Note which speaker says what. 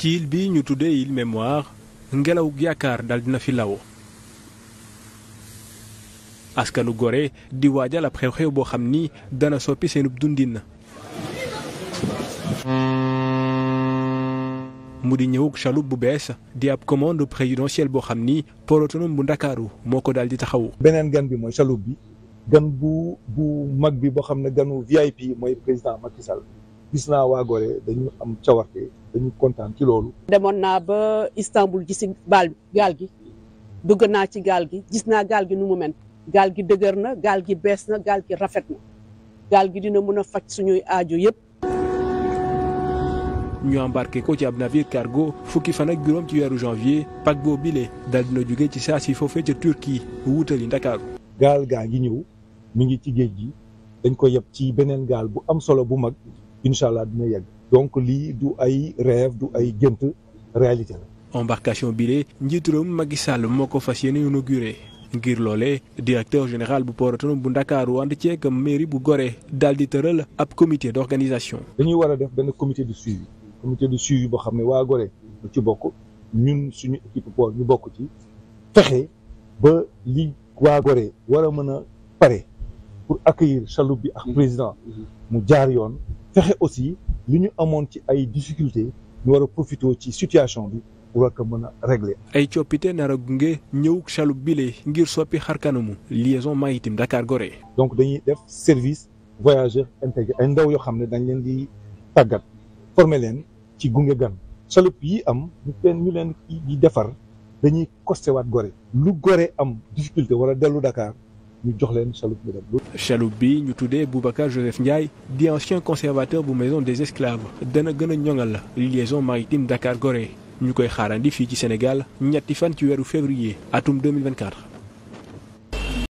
Speaker 1: ciil île bi ñu tuddee île mémoire ngelaw yaakaar dal dina fi law askanu gore di waajal ab xew-xew boo xam ni dana soppi seenub na mu di ñëwug chaloupe bu bees di ab commande présidentielle boo xam ni port bu Ndakaaru moo ko daal di taxaw
Speaker 2: beneen gan bi mooy chaloupe bi gan bu bu mag bi boo xam ne ganu VIP mooy président ma Sall gis naa waa Gorée dañu am cawarte dañu kontaan ci loolu.
Speaker 3: demoon naa ba Istanbul gisi baal gaal gi dugg naa ci gaal gi gis naa gaal gi nu mu mel gaal gi dëgër na gaal gi bees na gaal gi rafet na gaal gi dina mën a faj suñuy ajo yëpp.
Speaker 1: ñu embarqué ko ci ab navire cargo fukki fan ak juróom ci weeru janvier paquebot bile daal dina jóge ci saa si foofee ca Turquie wutali Ndakaaru.
Speaker 2: gaal gaa ngi ñëw mu ngi ci géej gi dañ ko yeb ci beneen gaal bu am solo bu mag. incha allah dina yàgg donc lii du ay rêve du ay jënt
Speaker 1: réalité la. embarcation bi de njiitu réew Macky Sall moo ko fas yéene inauguré ngir loole directeur général bu port autonome bu Ndakaaru ànd ceeg mairie bu Gorée daal di tëral ab comité d' organisation.
Speaker 2: dañuy war a def benn comité de suivi comité de suivi boo xam ne waa Gorée lu ci bokk ñun suñu équipe port ñu bokk ci fexe ba li waa Gorée war mën a pare pour accueillir chaloupe bi ak président jaar yoon. fexe aussi li ñu amoon ci ay difficultés ñu war a ci situation bi war ko mën a régler.
Speaker 1: ay coppite nar gunge ñëw chaloupe bile ngir soppi xar kanamu liaison maritime Dakar gore donc dañuy def service voyageur intégré ay ndaw yoo xam ne dañ leen di tàggat former
Speaker 2: leen ci gunge gan chaloupe yi am ñu leen ñu leen di defar dañuy costé
Speaker 1: waat Gorée. lu Gorée am difficulté wala dellu dakaar ñu jox leen chaloupe ñu dem. bi ñu tuddee Boubacar Joseph Ndiaye di ancien conservateur bu maison des esclaves dana gën a ñoŋal liaison maritime Dakar Gorée ñu koy xaarandi fii ci Sénégal ñetti fan ci weeru février atum 2024.